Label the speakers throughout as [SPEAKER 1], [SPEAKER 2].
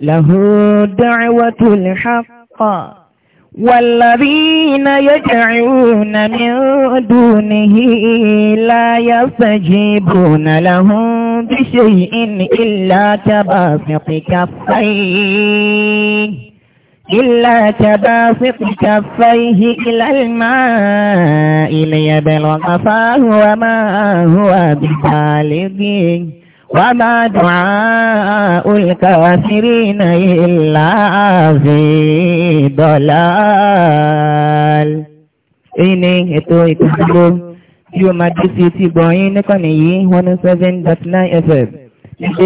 [SPEAKER 1] له دعوة الحق والذين يدعون من دونه لا يستجيبون لهم بشيء إلا تباسط كفيه إلا تباسط كفيه إلى الماء ليبلغ فاه وما هو بخالقه وما دعاء الكافرين إلا في ضلال èyí ni ètò ìpínlẹ̀ tí ó máa dé sí ti gbọ̀nyìn níkànnì yìí 107.9 FM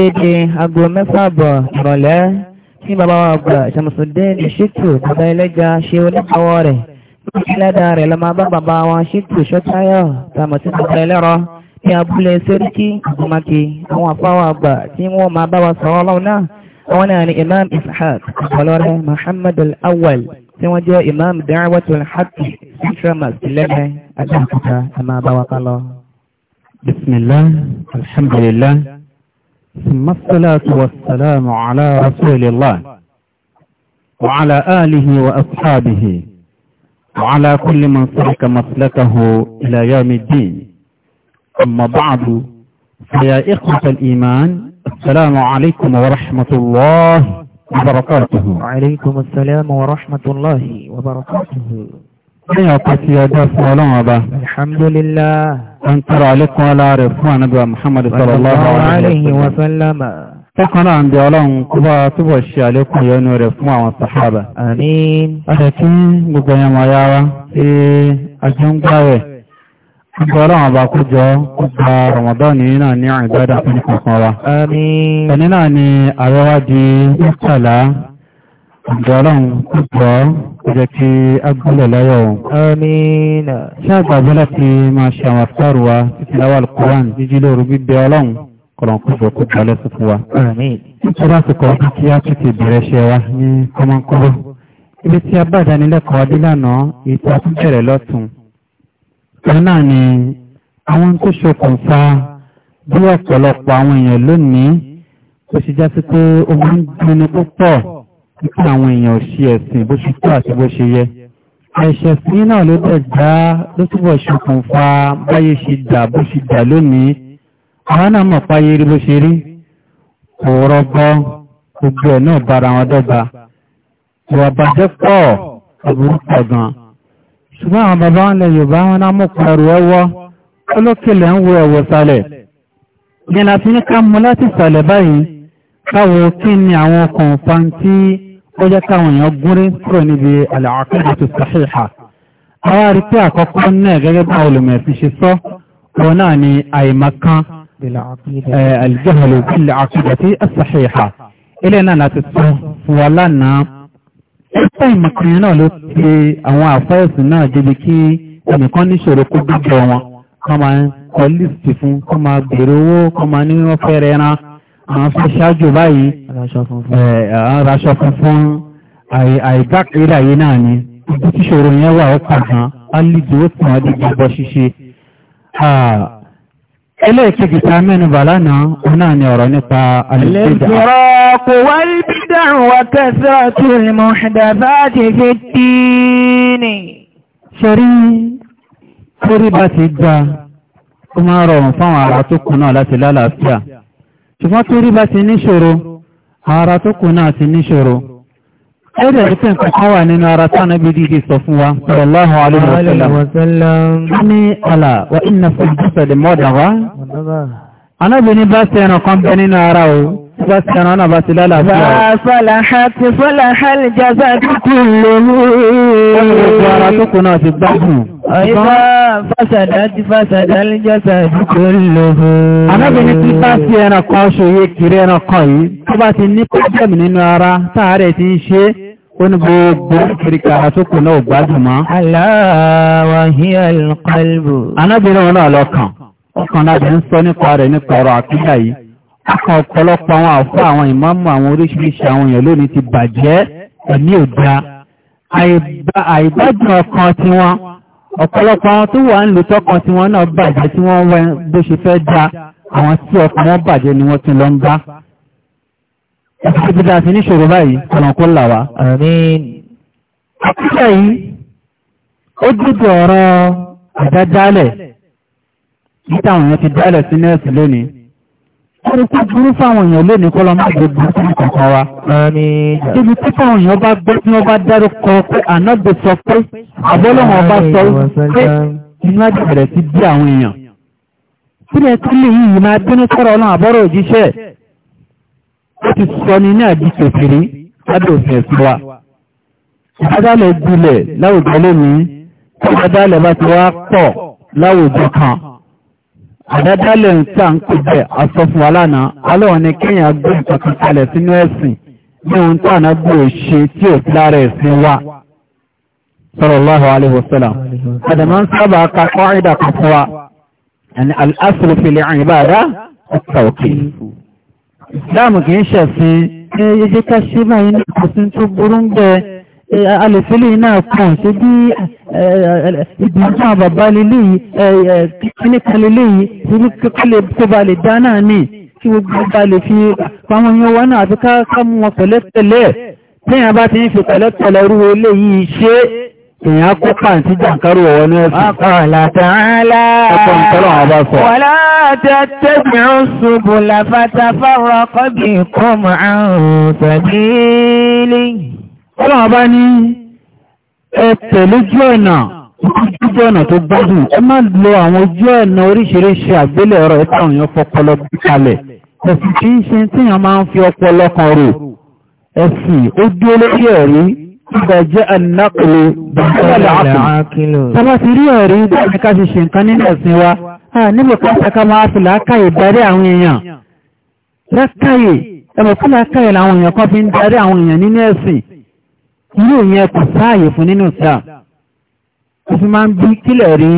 [SPEAKER 1] ìdédé aago mẹ́fà bọ̀ ìrọ̀lẹ́ tí bàbá wa gbà ìṣàmùsùndé ní ṣètò bàbá ẹlẹ́jà ṣe oníkàwọ́ rẹ̀ lọ́dà rẹ̀ lọ́mọ bá bàbá wa ṣètò ṣọ́táyọ̀ tàmọ̀tí bàbá ẹlẹ́rọ ní abúlé sẹ́ríkí àgbàmáke àwọn àfáwà àgbà tí wọ́n máa bá wa sọ̀rọ̀ ọlọ́run náà àwọn náà ni imam ishaq ọlọ́rẹ́ muhammad al-awwal tí wọ́n jẹ́ imam da'watul haqqi central mosque lẹ́gbẹ́ adáàkúta a máa bá wa ká
[SPEAKER 2] lọ. bismillah alhamdulillah summa salatu wa salamu ala rasulillah أما بعد فيا إخوة الإيمان السلام عليكم ورحمة الله وبركاته وعليكم السلام ورحمة الله وبركاته يا قصي دافع لعبة الحمد لله أنت عليكم على رفوان أبو محمد صلى الله عليه
[SPEAKER 1] وسلم
[SPEAKER 2] Tọ́kànlá عن دعوان قبا kó عليكم يا نور àlékún والصحابة آمين أحكي مبين sàhábà. في Ọ̀dẹ̀ Ìgbọ́lọ́wọ̀n ọba kó jọ kó gba Ramadan ní náà ní ìbádà fún ìkọ̀kan wa. Ẹni náà ni àwẹ́wá di ìtàlá ìgbọ́lọ́wọ̀n kó jọ kó jẹ́ kí agbọ́lẹ̀ lọ́wọ́. Ṣé àgbàgbọ́lá ti máa ṣe àwọn afẹ́rù wa títí láwà Al-Qur'an jíjí lóru bíbẹ ọlọ́run kọ̀lọ̀n kó jọ kó jọ lẹ́sùn fún wa.
[SPEAKER 1] Ìtura ti kọ́ kí
[SPEAKER 2] á tún ti bẹ̀rẹ̀ ṣe wa kan náà ni àwọn tó ṣokùnfà bí ọ̀pọ̀lọpọ̀ àwọn èèyàn lónìí tó ṣe já sí pé ó máa ń gbinni púpọ̀ nípa àwọn èèyàn òṣì ẹ̀sìn bó ṣe tó àti bó ṣe yẹ ẹ̀ṣẹ̀ sí náà ló dẹ̀ já ló túbọ̀ ṣokùnfà báyé ṣe dà bó ṣe dà lónìí àwọn náà mọ̀ páyé rí bó ṣe rí kò rọgbọ gbogbo ẹ̀ náà bára wọn dọ́gba ìwà bàjẹ́ pọ̀ ọ̀bùrú pọ̀ gan-an ṣùgbọ́n àwọn bàbá wọn lẹ Yorùbá wọn náà mú pẹ̀rù ẹwọ́ olókèlè ń wo ẹ̀wọ̀ sàlẹ̀ ní láti ní ká mú láti sàlẹ̀ báyìí káwọ kí ni àwọn kọ̀ǹfàn tí ó jẹ́ káwọn èèyàn gúnrí kúrò níbi al-aqidatu sahiha àwọn àrípé àkọ́kọ́ náà gẹ́gẹ́ bá olùmẹ̀sí ṣe sọ wọn náà ni àìmọ̀kan eh, al-jahlu bil-aqidati as-sahiha ilé náà ìmọ̀kùnrin náà ló pe àwọn àfẹ́ẹ̀sì náà débi kí ẹnìkan níṣòro kó dúdú wọn kọ́ máa ń kọ líìsì fún kọ́ máa bèèrè owó kọ́ máa ní wọ́n fẹ́ rẹ rán àwọn fẹ́ ṣáájú báyìí raṣọ funfun àìbákẹ́rẹ́ àyè náà ni ibi tíṣòro yẹn wà ó kàn án á lè dúró tàn án dé gbogbo ṣíṣe ẹlẹ́ẹ̀kejì ta mẹ́nu bàlá náà òun náà ni ọ̀rọ̀ nípa alẹ́sìrọ́kù
[SPEAKER 1] wal-bid'u wa kathratul muhdathati
[SPEAKER 2] fid-din ṣorí torí bá ti gba ó máa Ẹ̀rẹ̀ rí pé nǹkan kan wà nínú ara tánà bí dídí sọ fún wa, sallallahu alaihi wa sallam. Ní wa inna fún ìjọsẹ̀ lè mọ́dà wá anábìnrin bá sẹ́ran kan bẹ nínú ara o bá sẹ́ran náà bá ti lálàáfíà o. fàfàlàhà ti fàlàhà lè jàzá kíkú lòmú. ó ní gbogbo ara tó kù náà ti gbádùn. ọ̀yẹ́fà
[SPEAKER 1] fàṣàdá ti fàṣàdá lè jàzá kíkú lòmú.
[SPEAKER 2] anábìnrin ti bá sí ẹran kan ṣòye kiri ti ní pọ́jẹ́mù àtúkù náà gbádùn mọ́. aláwọ̀ hí alqalbu. anábìnrin wọn náà lọ kàn ọkàn láti ń sọ nípa rẹ̀ nípa ọ̀rọ̀ àkídà yìí akọ ọ̀pọ̀lọpọ̀ àwọn àfọ́ àwọn ìmáàmù àwọn oríṣiríṣi àwọn èèyàn lónìí ti bàjẹ́ ẹ̀mí òdá àìbádùn ọkàn tí wọ́n ọ̀pọ̀lọpọ̀ àwọn tó wà ń lò tọ́kàn tí wọ́n náà bàjẹ́ tí wọ́n wẹ́ bó ṣe fẹ́ da àwọn tí ọkàn wọn bàjẹ́ ni wọ́n tún lọ ń bá ìfúnṣẹ́dá sí níṣòro báyìí kọ̀lọ̀kọ́ nítàwọn èèyàn ti dálẹ̀ sí nẹ́ẹ̀sì lónìí ẹni kó burú fáwọn èèyàn lónìí kọ́ lọ má gbé burú fún ìkọ̀kọ̀ wa débi tí fáwọn èèyàn bá gbé tí wọ́n bá dárúkọ pé ànágbé sọ pé àbọ́lọ́wọ́n bá sọ pé iná bẹ̀rẹ̀ sí bí àwọn èèyàn sílẹ̀ tí lè yìí máa bínú sọ̀rọ̀ ọlọ́run àbọ́rọ̀ òjíṣẹ́ ó ti sọ ní ní àjí kèfèrí lábẹ́ òfin ẹ̀sùn wa ìdádálẹ̀ gbilẹ̀ láwùjọ àdádálẹ̀ ń tà ń kò bẹ̀ àsọfún alánà alọ́wọ̀n ni kíyàn gbé ìtọ̀kan kalẹ̀ sínú ẹ̀sìn ní ohun tó ànágbé òṣe tí ò sí lára ẹ̀sìn wa sallallahu alaihi alẹ́sílẹ̀ náà kàn ṣe bí ìgbìmọ̀ bàbá lílé kíníkà lílé yìí tó bá lè dá náà ní kí gbogbo bá lè fi pàmọ́ yóò wá náà àti ká mú wọn pẹ̀lẹ́pẹ̀lẹ́ lẹ́yìn bá ti ń fi pẹ̀lẹ́pẹ̀lẹ́ rú ilé yìí ṣe èyàn kó pàǹtí jàǹkárò ọ̀wọ́ ní ẹ̀sùn ọlọ́run bá ní ẹ tẹ̀lé ojú ọ̀nà ojú ọ̀nà tó gbádùn ẹ má lo àwọn ojú ọ̀nà oríṣiríṣi àgbélẹ̀ ọ̀rọ̀ ìtàwọn èèyàn fọpọlọ bí kalẹ̀ ẹ̀sìn kì í ṣe tí èèyàn máa ń fi ọpọlọ kan rò ẹ̀sìn ó dúró lórí ẹ̀rí Ìgbà jẹ́ ànákùnlé bàbáàlá àkùnlé. Tọ́bá ti rí ẹ̀rí dáadé ká ṣe ṣe irú ìyẹn kò sáàyè fún nínú ìta kò fi máa ń bí kílẹ̀ rí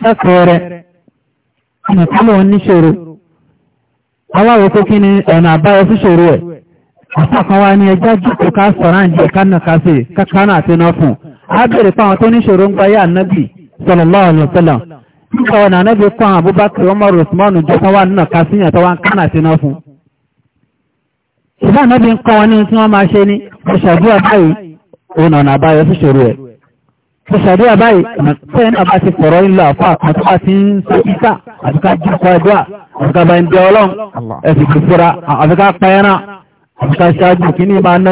[SPEAKER 2] kẹ́kọ̀ọ́ rẹ̀ ọmọkálọ̀ oníṣòro aláwòkó kí ni ọ̀nà àbáyọ síṣòro ẹ̀ àtàkan wá ní ẹjá jùkú ká sọ̀rọ̀ àǹjẹ́ kánàkásì kákánà àti iná fún a bèèrè fáwọn tó níṣòro ń gbáyé ànábì sallallahu Abubakar Umar Usman jọ́sán wà nínà kásìyàn tó wá ń kánà ṣùgbọ́n náà bí ń kọ́ wọn ní tí wọ́n máa ṣe ní ṣàdúrà báyìí òun ọ̀nà àbáyọ sí ṣòro ẹ̀ ṣàdúrà báyìí ọ̀nà náà bá ti pọ̀rọ̀ ńlọ àpá kan tó bá ti ń sọ ìta àbíká jù kọ́ ẹ̀dọ́ àbíká bá ń bẹ ọlọ́run ẹ̀sìn kò fura àbíká pẹ́ẹ́rán àbíká ṣáájú kí ní máa ná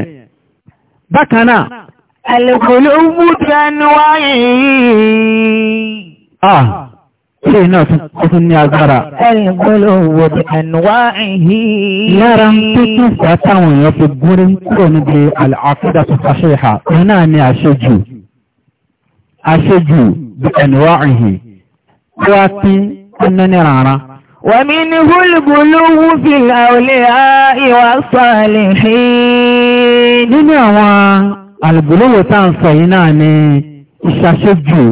[SPEAKER 2] ilé bákanáà
[SPEAKER 1] alẹ́kọ̀ọ́lẹ́ ogun tí a ní wáyé ah ṣe
[SPEAKER 2] iná tuntun ní agbára
[SPEAKER 1] alẹ́kọ̀ọ́lẹ́
[SPEAKER 2] ogun tí a ní
[SPEAKER 1] wáyé lára tó tún
[SPEAKER 2] fàtàwọn èèyàn fi gúnrí kúrò níbi al'afídà tó fàṣẹ́ha iná ni àṣejù àṣejù bí ẹnuwáyé tí wá tí ẹnẹ́ni rárá ومنه الغلو في الأولياء والصالحين nínú àwọn àlùbùlówò tá à ń sọ yìí náà ni ìṣàṣejù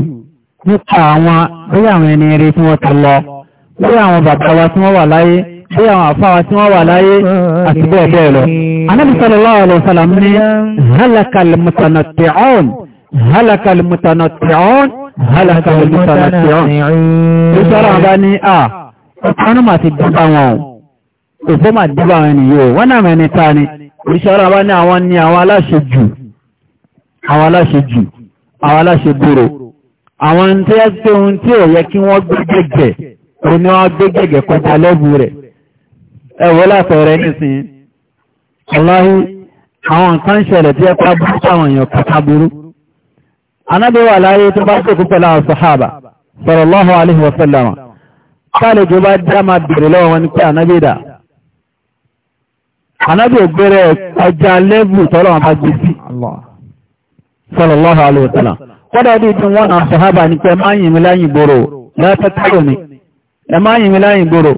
[SPEAKER 2] nípa àwọn bóyá àwọn ẹni eré tí wọ́n ti lọ bóyá àwọn bàbá wa tí wọ́n wà láyé bóyá àwọn àfáà wa tí wọ́n wà láyé àti bẹ́ẹ̀ bẹ́ẹ̀ lọ. Ànábì sallallahu alaihi wasallam ní halakal mutanatti'un halakal mutanatti'un halakal mutanatti'un. Ìṣọ́ra bá ní à ọ̀pọ̀nù máa ti dúbà wọn o òfó máa dúbà wọn nìyí o wọ́n náà mẹ́ni ta ni ìṣọ́ra bá ní àwọn ní àwọn aláṣejù àwọn aláṣẹ jù àwọn aláṣẹ gbòrò àwọn tí ẹ pé ohun tí ò yẹ kí wọ́n gbé gẹ̀gẹ̀ òní wọ́n gbé gẹ̀gẹ̀ kọjá lẹ́bù rẹ̀ ẹ̀wọ́ látọ̀rẹ́ nísìn ọláhí àwọn nǹkan ṣẹlẹ̀ tí ẹ pa burú sáwọn èèyàn kàkà burú anábẹ́wà láyé tó bá sókú pẹ̀lú àwọn sàhábà sallallahu alaihi wa sallam káàlẹ̀ tó ọjà lẹ́bù tọ́lọ́wọ́n bá gbé sí sallallahu alaihi wasallam kọ́dà bí ìdún wọn àwọn sàhábà ní pé máa yìnmí láyìn gbòrò látàtàrò ní ẹ máa yìnmí láyìn gbòrò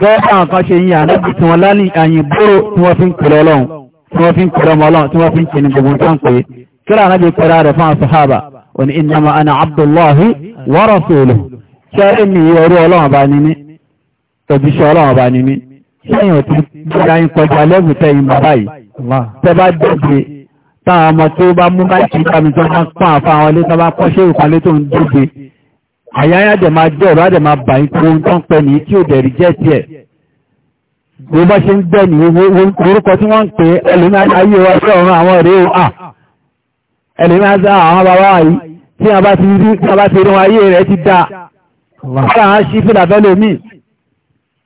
[SPEAKER 2] gọ́ọ̀fà nǹkan ṣe yìn ànábì tí wọ́n láyìn àyìn gbòrò tí wọ́n fi ń kìlọ̀ ọlọ́run tí wọ́n fi ń kìlọ̀ ọmọlọ́run tí wọ́n fi ń kìlọ̀ gbogbo nǹkan pé kíra ànábì pẹ̀lú rẹ̀ fún àwọn sàhábà ò bá ní mí òjíṣẹ́ táwọn ọmọ tí ó bá mú láìkí ìkàmì tó máa pán àfá àwọn ilé tọ́bá kọ́ṣẹ́ ìpàlẹ́ tó ń dúdé àyáyá dẹ̀ máa jẹ́ ọ̀rọ̀ àdẹ̀ máa bà ń kó ń tán pẹ́ ní tí ò dẹ̀rí jẹ́ tiẹ̀ bó bá ṣe ń gbẹ́ ní orúkọ tí wọ́n ń pè ẹlòmíayé wa sí ọ̀run àwọn ọ̀rẹ́ o à ẹlòmíayé àwọn bàbá yìí tí a bá ti rí wọn ayé rẹ̀ ti dáa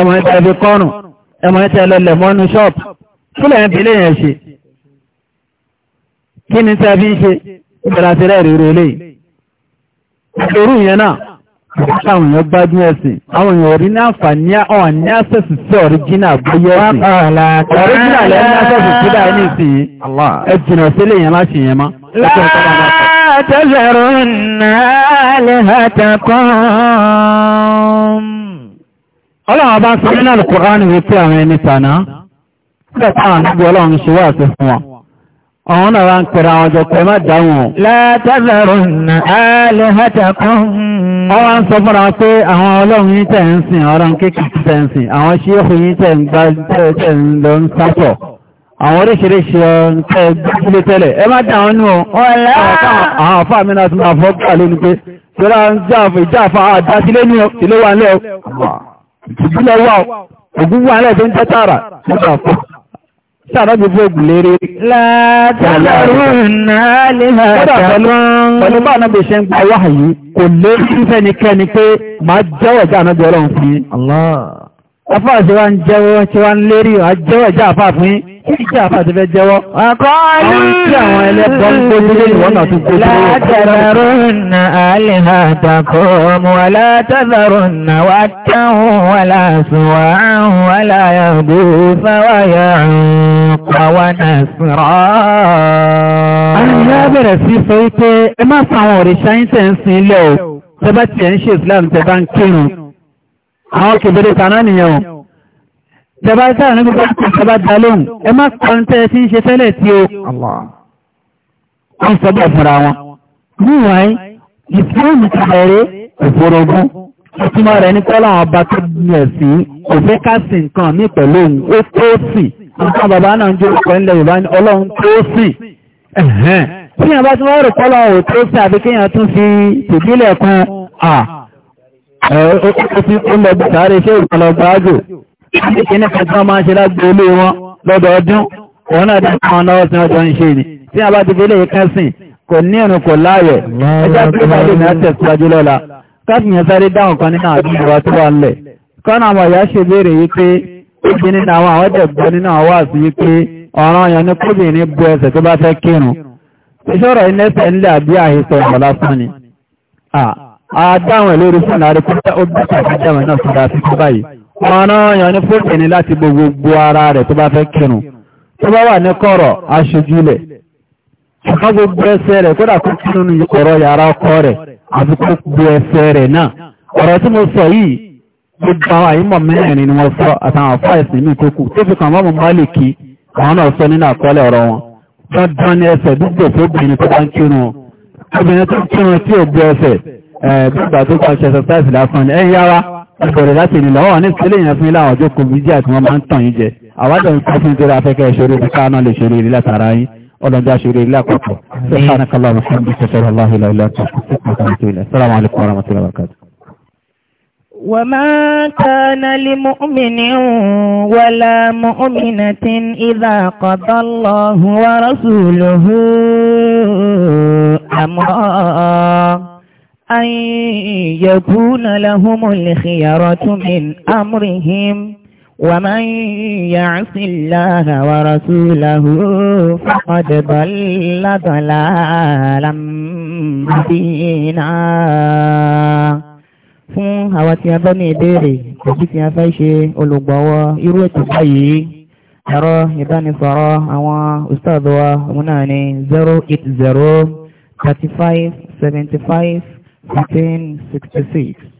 [SPEAKER 2] ẹmọ ẹta ibi kọ́rùn ẹmọ ẹta ẹlọlẹ̀ mọ́nú ṣọ́ọ̀pù fúlẹ̀ ń bílẹ̀ yẹn ṣe kí ni tẹ́ fi ń ṣe ìbẹ̀rẹ̀ àti rẹ̀ rèrè lè ìṣòro yẹn náà àwọn èèyàn gbájú ẹ̀sìn àwọn èèyàn rí ní àǹfààní ọ̀hún ní access sí ọ̀ríjínà àgbáyé ẹ̀sìn ọ̀ríjínà lẹ́yìn access ọlọ́run bá ń sọ nínú Al-Qur'an wípé àwọn ẹni tànà nígbà táwọn níbi ọlọ́run ṣe wà sí fún wọn àwọn náà wá ń pẹ̀rẹ̀ àwọn ọjọ́ pẹ̀lú àdáwọn La tadharunna alihatakum ọwọ́ ń sọ fúnra pé àwọn ọlọ́run yìí tẹ̀ ń sìn ọlọ́run kéèkìtì tẹ̀ ń sìn àwọn ṣéèkù yìí tẹ̀ ń gbá tẹ̀ tẹ́lẹ̀ ẹ má dáwọn nù ọ̀lá àwọn àfáà mi náà máa fọ́ gbà lónìí pé tọ́lá ń jáfa àdásílé ní ilé wa lẹ́ọ̀ ìtìjúlẹ̀ wà ògún wà lẹ́ẹ̀ tó ń jẹ́ tààrà nígbà fún sáàrà gbogbo ògùnlérè látàlárùn-ún náà lè máa jẹ́ Afá ti wá ń jẹ́wọ́ tí wá ń lérí ọ̀ jẹ́wọ́ ìjá àfá fún ìjá àfá ti fẹ́ jẹ́wọ́. Àwọn tí àwọn ẹlẹ́gbọ́n ń gbójú lé ìwọ́n náà tún gbójú lé. Látàdàrúnà
[SPEAKER 1] àlìhàtàkùn, wà látàdàrúnà wà táhùn wà láàṣùwà áhùn wà láyàgbó fáwáyà àwà nàṣìrọ̀.
[SPEAKER 2] Àyà bẹ̀rẹ̀ sí sọ wípé ẹ má fàwọn òrìṣà yín tẹ̀ ń sin ilẹ̀ o, tẹ bá tiẹ̀ ń ṣe ìsìlámù tẹ bá ń kírun àwọn kèbèrè tàná nìyẹn o tẹba sáà ní gbogbo àti ìjọba dalóhùn ẹ má kọrin tẹ́ tí ń ṣe tẹ́lẹ̀ tí ó ń sọ́bọ̀ fúnra wọn níwọ̀nyí ìfúrùmù kàrẹ́ òfurufú ìtumọ̀ rẹ̀ ní kọ́lá ọba tó yẹ̀ sí kò fẹ́ ká sí nǹkan mí pẹ̀lú òun ó tó sì nǹkan bàbá náà ń sáré ṣe ìpàlọ̀gbàájò kíní kẹta máa ṣe lágbé olé wọn lọ́dọọdún òun náà dákọ̀ ọ̀nà ọ̀sìn ọjọ́ ń ṣe ni tí a bá ti fẹ́lẹ̀ ìkẹ́sìn kò ní ẹnu kò láàyẹ̀ ẹjá tí ó bá lè mẹ́ tẹ̀síwájú lọ́la káàkiri sáré dáhùn kan nínú àdúgbò wa tó wà lẹ̀ kọ́nà àwọn ìyá ṣe béèrè yìí pé ìdí nínú àwọn àwọn ẹ̀dẹ̀gbọ́ nínú àwọn àti yìí pé ọ̀ràn ọ̀yàn ní kóbìnrin bu ẹsẹ̀ tó bá fẹ́ kírun ìṣòro inẹ́sẹ̀ ńlẹ̀ àbí àhesọ̀ ọ̀lásán ni àdáwọn lórí fún àrí pẹ́ta ó bẹ́ta àdáwọn náà tó dáa fífẹ́ báyìí ọ̀nà yàn ní fún ẹni láti gbogbo ara rẹ̀ tó bá fẹ́ kírun tó bá wà ní kọ̀rọ̀ aṣojúlẹ̀ ṣùgbọ́n gbogbo ẹsẹ̀ rẹ̀ kódà kó kírun ní ọ̀rọ̀ yàrá ọkọ rẹ̀ àti gbogbo ẹsẹ̀ rẹ̀ náà ọ̀rọ̀ tí mo sọ yìí gbogbo àwọn àyímọ̀ mẹ́rin ni wọ́n sọ àtàwọn afọ ẹ̀sìn mi tó fi kàn mọ́mọ́ Málìkì àwọn náà sọ nínú àkọọ́lẹ̀ ọ̀rọ̀ wọn dandan ni ẹsẹ̀ dúgbò tó bìnrin tó bá ń kírun obìnrin tó kírun tí ò gbé ẹsẹ̀ gbígbà tó kọ́ ṣe exercise lásán ni ẹ̀yìn yára ẹgbẹ̀rẹ̀ láti ìlú lọ́wọ́ ní sílé yẹn fún ìlànà ọjọ́ kòbí jẹ́ àti wọ́n máa ń tàn yín jẹ àwádọ̀ ń kọ́ fún ìdíra afẹ́kẹ́ ìṣòro ìdíkà náà lè ṣòro ìrìlẹ̀ tààrà yín ọlọ́jà ṣòro ìrìlẹ̀ àpapọ̀ Assalamu alaikum
[SPEAKER 1] وما كان لمؤمن ولا مؤمنة إذا قضى الله ورسوله أمرا أن يكون لهم الخيرة من أمرهم ومن يعص الله ورسوله فقد ضل ضلالا مبينا fún àwọn tí a bá ní ìbéèrè èyí tí a fẹ́ ṣe olùgbọ̀wọ́ irú ètò báyìí ẹ̀rọ ìbánisọ̀rọ̀ àwọn ustadwa wọn náà ni 080 35 75 1966